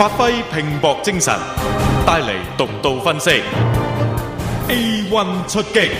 發揮拼搏精神，帶嚟獨到分析。A one 出擊，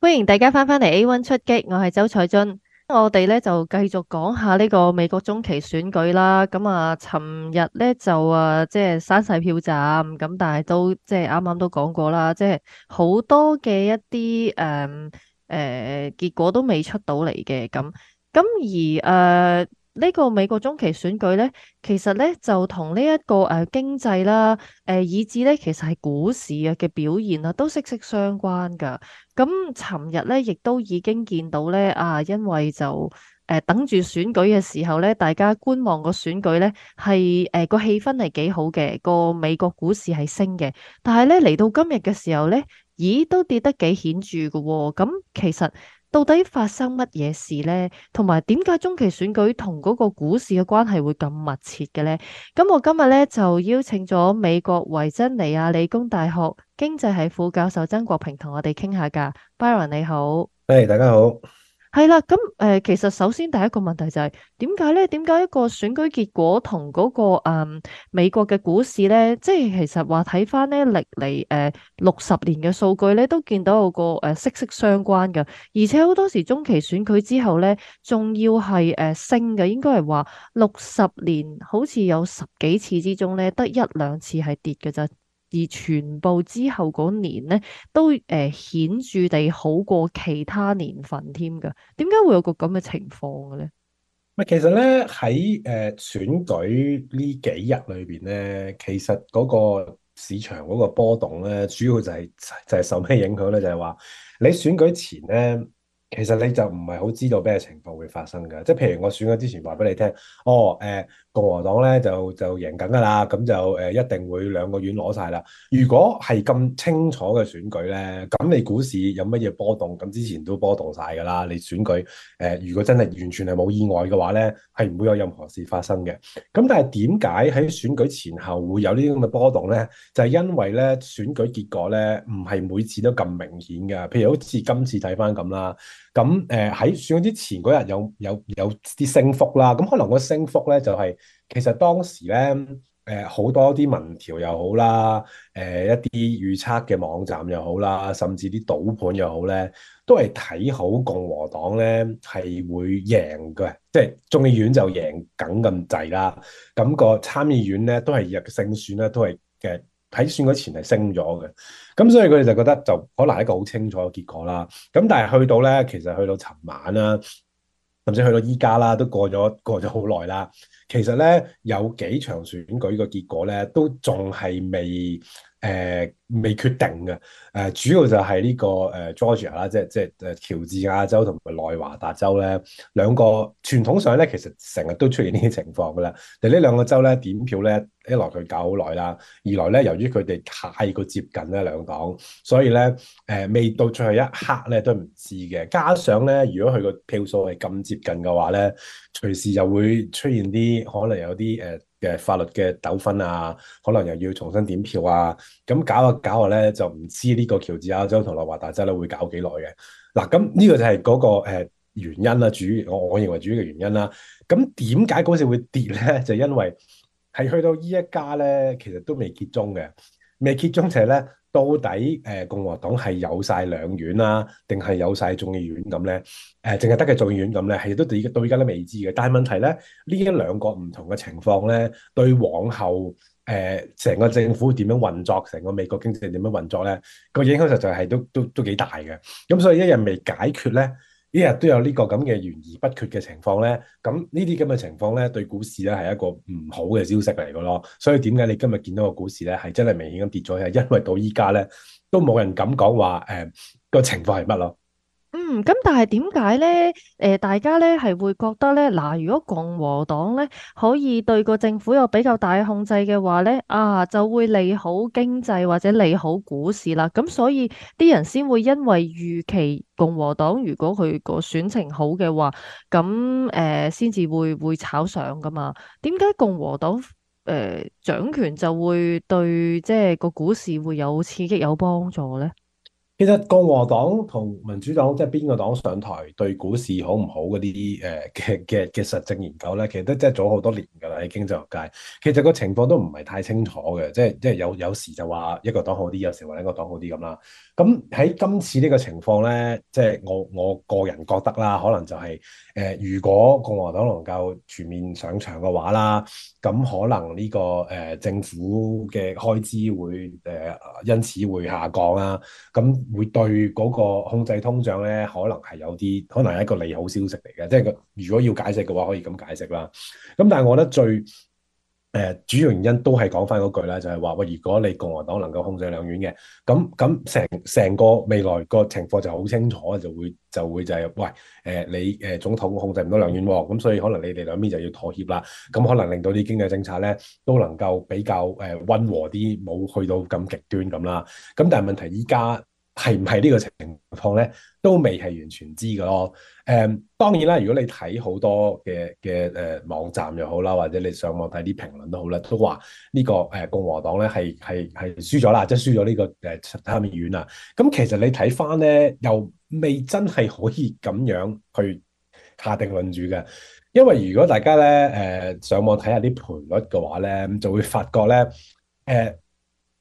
歡迎大家翻返嚟 A one 出擊，我係周彩津。我哋咧就繼續講下呢個美國中期選舉啦。咁啊，尋日咧就啊，即係閂晒票站咁，但係都即係啱啱都講過啦，即係好多嘅一啲誒。嗯誒、呃，結果都未出到嚟嘅，咁咁而誒呢、呃這個美國中期選舉咧，其實咧就同呢一個誒、呃、經濟啦，誒、呃、以至咧，其實係股市啊嘅表現啊，都息息相關噶。咁尋日咧，亦都已經見到咧啊，因為就誒、呃、等住選舉嘅時候咧，大家觀望個選舉咧係誒個氣氛係幾好嘅，個美國股市係升嘅，但係咧嚟到今日嘅時候咧。咦，都跌得幾顯著㗎喎？咁其實到底發生乜嘢事呢？同埋點解中期選舉同嗰個股市嘅關係會咁密切嘅呢？咁我今日呢，就邀請咗美國維珍尼亞理工大學經濟系副教授曾國平同我哋傾下㗎。Byron 你好，嘿，hey, 大家好。係啦，咁誒、呃，其實首先第一個問題就係點解咧？點解一個選舉結果同嗰、那個誒、嗯、美國嘅股市咧，即、就、係、是、其實話睇翻咧歷嚟誒六十年嘅數據咧，都見到有個誒息息相關㗎。而且好多時中期選舉之後咧，仲要係誒升嘅，應該係話六十年好似有十幾次之中咧，得一兩次係跌嘅啫。而全部之後嗰年咧，都誒、呃、顯著地好過其他年份添㗎。點解會有個咁嘅情況嘅咧？唔係其實咧喺誒選舉幾裡呢幾日裏邊咧，其實嗰個市場嗰個波動咧，主要就係、是、就係、是、受咩影響咧？就係、是、話你選舉前咧。其實你就唔係好知道咩情況會發生㗎。即係譬如我選咗之前話俾你聽，哦，誒，共和黨咧就就贏緊噶啦，咁就誒一定會兩個院攞晒啦。如果係咁清楚嘅選舉咧，咁你股市有乜嘢波動？咁之前都波動晒噶啦。你選舉誒、呃，如果真係完全係冇意外嘅話咧，係唔會有任何事發生嘅。咁但係點解喺選舉前後會有呢啲咁嘅波動咧？就係、是、因為咧選舉結果咧唔係每次都咁明顯㗎。譬如好似今次睇翻咁啦。咁誒喺選之前嗰日有有有啲升幅啦，咁可能個升幅咧就係、是、其實當時咧誒好多啲民調又好啦，誒、呃、一啲預測嘅網站又好啦，甚至啲賭盤又好咧，都係睇好共和黨咧係會贏嘅，即、就、係、是、眾議院就贏梗咁滯啦，咁、那個參議院咧都係入勝選咧都係嘅。喺選舉前係升咗嘅，咁所以佢哋就覺得就可能係一個好清楚嘅結果啦。咁但係去到咧，其實去到尋晚啦、啊，甚至去到依家啦，都過咗過咗好耐啦。其實咧，有幾場選舉嘅結果咧，都仲係未。誒未、呃、決定嘅，誒、呃、主要就係呢、呢個誒、呃、Georgia 啦，即係即係誒喬治亞州同埋內華達州咧，兩個傳統上咧，其實成日都出現呢啲情況噶啦。但呢兩個州咧點票咧，一來佢搞好耐啦，二來咧由於佢哋太過接近咧，兩黨，所以咧誒、呃、未到最後一刻咧都唔知嘅。加上咧，如果佢個票數係咁接近嘅話咧，隨時就會出現啲可能有啲誒。呃嘅法律嘅糾紛啊，可能又要重新點票啊，咁搞下搞下咧，就唔知呢個喬治亞、啊、州同內華達州會搞幾耐嘅。嗱，咁呢個就係嗰個原因啦，主我我認為主要嘅原因啦。咁點解嗰陣時會跌咧？就係、因為係去到依一家咧，其實都未結宗嘅，未結宗就係咧。到底誒共和黨係有晒兩院啦、啊，定係有晒眾議院咁咧？誒，淨係得嘅眾議院咁咧，係都到依家都未知嘅。但係問題咧，呢一兩個唔同嘅情況咧，對往後誒成、呃、個政府點樣運作，成個美國經濟點樣運作咧，個影響實在係都都都幾大嘅。咁所以一日未解決咧。呢日都有呢個咁嘅懸而不決嘅情況咧，咁呢啲咁嘅情況咧，對股市咧係一個唔好嘅消息嚟噶咯，所以點解你今日見到個股市咧係真係明顯咁跌咗，係因為到依家咧都冇人敢講話，誒、呃、個情況係乜咯？嗯，咁但係點解咧？誒，大家咧係會覺得咧，嗱，如果共和黨咧可以對個政府有比較大嘅控制嘅話咧，啊，就會利好經濟或者利好股市啦。咁所以啲人先會因為預期共和黨如果佢個選情好嘅話，咁誒，先、呃、至會會炒上噶嘛？點解共和黨誒、呃、掌權就會對即係個股市會有刺激有幫助咧？其實共和黨同民主黨即係邊個黨上台對股市好唔好嗰啲誒嘅嘅嘅實證研究咧，其實都即係早好多年噶啦喺經濟學界。其實個情況都唔係太清楚嘅，即係即係有有時就話一個黨好啲，有時話一個黨好啲咁啦。咁喺今次呢個情況咧，即係我我個人覺得啦，可能就係、是、誒、呃，如果共和黨能夠全面上場嘅話啦，咁可能呢、這個誒、呃、政府嘅開支會誒、呃、因此會下降啦、啊。咁。會對嗰個控制通脹咧，可能係有啲，可能係一個利好消息嚟嘅。即係如果要解釋嘅話，可以咁解釋啦。咁但係我覺得最、呃、主要原因都係講返嗰句啦，就係話喂，如果你共和黨能夠控制兩院嘅，咁咁成成個未來個情況就好清楚，就會就會就係、是、喂、呃、你誒、呃、總統控制唔到兩院喎，咁所以可能你哋兩邊就要妥協啦。咁可能令到啲經濟政策咧都能夠比較誒溫、呃、和啲，冇去到咁極端咁啦。咁但係問題依家。係唔係呢個情況咧？都未係完全知噶咯。誒、嗯，當然啦，如果你睇好多嘅嘅誒網站又好啦，或者你上網睇啲評論都好啦，都話呢、這個誒、呃、共和黨咧係係係輸咗啦，即係輸咗呢個誒參、呃、議院啊。咁、嗯、其實你睇翻咧，又未真係可以咁樣去下定論住嘅。因為如果大家咧誒、呃、上網睇下啲賠率嘅話咧，就會發覺咧，誒、呃、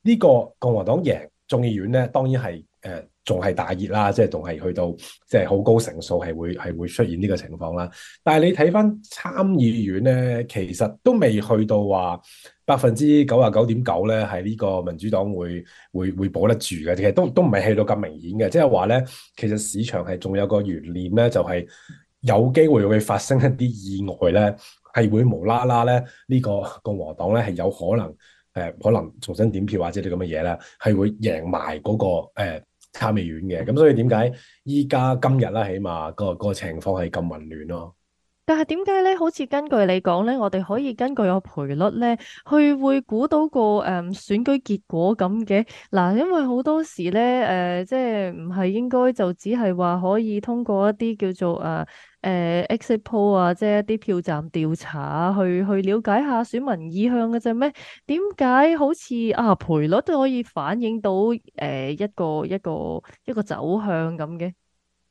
呢、這個共和黨贏眾議院咧，當然係。誒，仲係大熱啦，即係仲係去到即係好高成數，係會係會出現呢個情況啦。但係你睇翻參議院咧，其實都未去到話百分之九十九點九咧，係呢個民主黨會會會保得住嘅。其實都都唔係去到咁明顯嘅，即係話咧，其實市場係仲有個懸念咧，就係有機會會發生一啲意外咧，係會無啦啦咧，呢個共和黨咧係有可能。呃、可能重新點票或者啲咁嘅嘢咧，係會贏埋嗰、嗰個誒參議院嘅，咁、呃、所以點解依家今日啦，起碼、個個、個個情況係咁混亂咯，啊？但係點解咧？好似根據你講咧，我哋可以根據個賠率咧，去會估到個誒、嗯、選舉結果咁嘅嗱。因為好多時咧、呃，即係唔係應該就只係話可以通過一啲叫做啊誒 exit poll 啊，即、呃、係一啲票站調查去去了解下選民意向嘅啫咩？點解好似啊賠率都可以反映到誒、呃、一個一個一個走向咁嘅？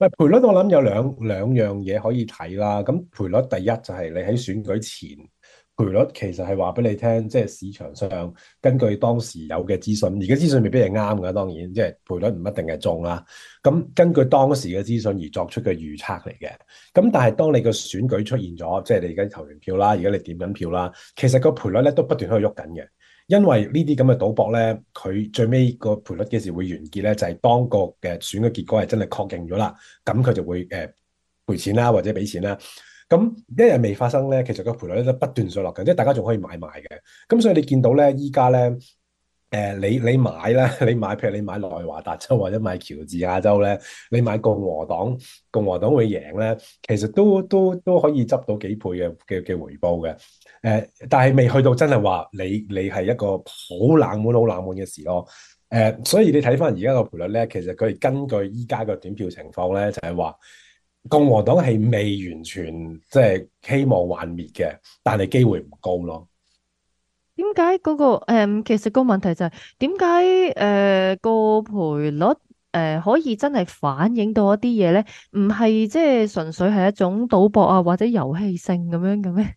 喂，賠率我諗有兩兩樣嘢可以睇啦。咁賠率第一就係你喺選舉前賠率，其實係話俾你聽，即係市場上根據當時有嘅資訊。而家資訊未必係啱噶當然，即係賠率唔一定係中啦。咁根據當時嘅資訊而作出嘅預測嚟嘅。咁但係當你個選舉出現咗，即係你而家投完票啦，而家你點緊票啦，其實個賠率咧都不斷去喐緊嘅。因為這些這呢啲咁嘅賭博咧，佢最尾個賠率幾時會完結咧，就係、是、當局嘅選嘅結果係真係確認咗啦，咁佢就會誒賠、呃、錢啦或者俾錢啦。咁一日未發生咧，其實個賠率咧都不斷上落嘅，即係大家仲可以買賣嘅。咁所以你見到咧，依家咧。誒、呃，你你買咧，你買譬如你買內華達州或者買喬治亞州咧？你買共和黨，共和黨會贏咧？其實都都都可以執到幾倍嘅嘅嘅回報嘅。誒、呃，但係未去到真係話你你係一個好冷門好冷門嘅事咯，啊。誒、呃，所以你睇翻，而家個賠率咧，其實佢根據依家個點票情況咧，就係、是、話共和黨係未完全即係希望幻滅嘅，但係機會唔高咯。點解嗰個誒、嗯，其實個問題就係點解誒個賠率誒、呃、可以真係反映到一啲嘢咧？唔係即係純粹係一種賭博啊，或者遊戲性咁樣嘅咩？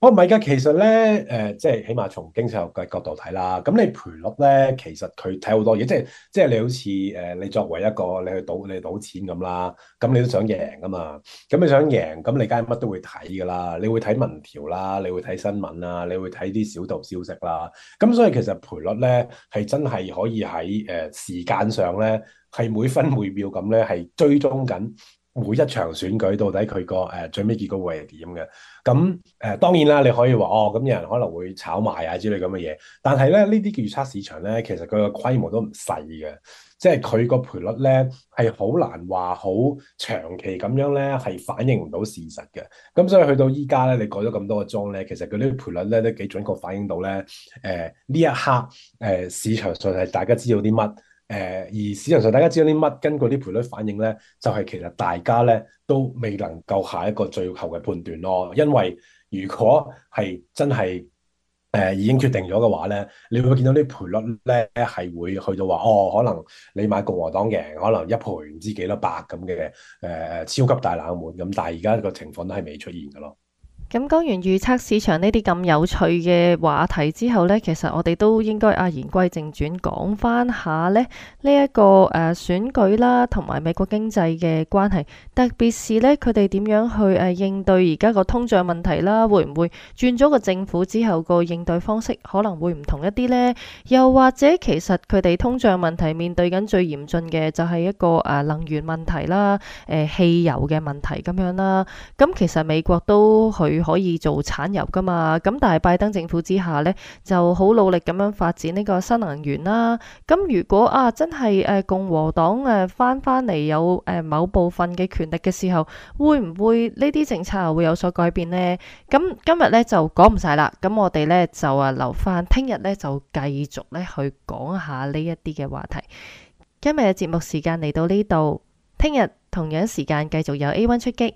我唔係噶，其實咧、呃，即係起碼從經濟學嘅角度睇啦。咁你賠率咧，其實佢睇好多嘢，即係即係你好似、呃、你作為一個你去賭你去賭錢咁啦，咁你都想贏噶嘛？咁你想贏，咁你梗係乜都會睇噶啦。你會睇民調啦，你會睇新聞啦，你會睇啲小道消息啦。咁所以其實賠率咧，係真係可以喺誒、呃、時間上咧，係每分每秒咁咧，係追蹤緊。每一場選舉到底佢個誒最尾結果會係點嘅？咁誒、呃、當然啦，你可以話哦，咁有人可能會炒賣啊之類咁嘅嘢。但係咧，呢啲叫預測市場咧，其實佢個規模都唔細嘅，即係佢個賠率咧係好難話好長期咁樣咧係反映唔到事實嘅。咁所以去到依家咧，你過咗咁多個鐘咧，其實佢呢個賠率咧都幾準確反映到咧誒呢、呃、呢一刻誒、呃、市場上係大家知道啲乜。誒而市場上大家知道啲乜？根據啲賠率反應咧，就係其實大家咧都未能夠下一個最後嘅判斷咯。因為如果係真係已經決定咗嘅話咧，你會見到啲賠率咧係會去到話哦，可能你買共和黨贏，可能一賠唔知幾多百咁嘅、呃、超級大冷門。咁但係而家個情況都係未出現㗎咯。咁講完預測市場呢啲咁有趣嘅話題之後呢，其實我哋都應該啊言歸正傳，這個，講翻下呢一個誒選舉啦，同埋美國經濟嘅關係，特別是呢，佢哋點樣去，啊、應對而家個通脹問題啦，會唔會轉咗個政府之後個應對方式可能會唔同一啲呢？又或者其實佢哋通脹問題面對緊最嚴峻嘅就係一個誒、啊、能源問題啦，誒、啊、汽油嘅問題咁樣啦。咁其實美國都去。可以做產油㗎嘛？咁但係拜登政府之下呢，就好努力咁樣發展呢個新能源啦。咁如果啊真係誒共和黨誒翻翻嚟，有誒某部分嘅權力嘅時候，會唔會呢啲政策會有所改變呢？咁今日呢就講唔晒啦。咁我哋呢就啊留翻聽日呢就繼續呢去講下呢一啲嘅話題。今日嘅節目時間嚟到呢度，聽日同樣時間繼續有 A one 出擊。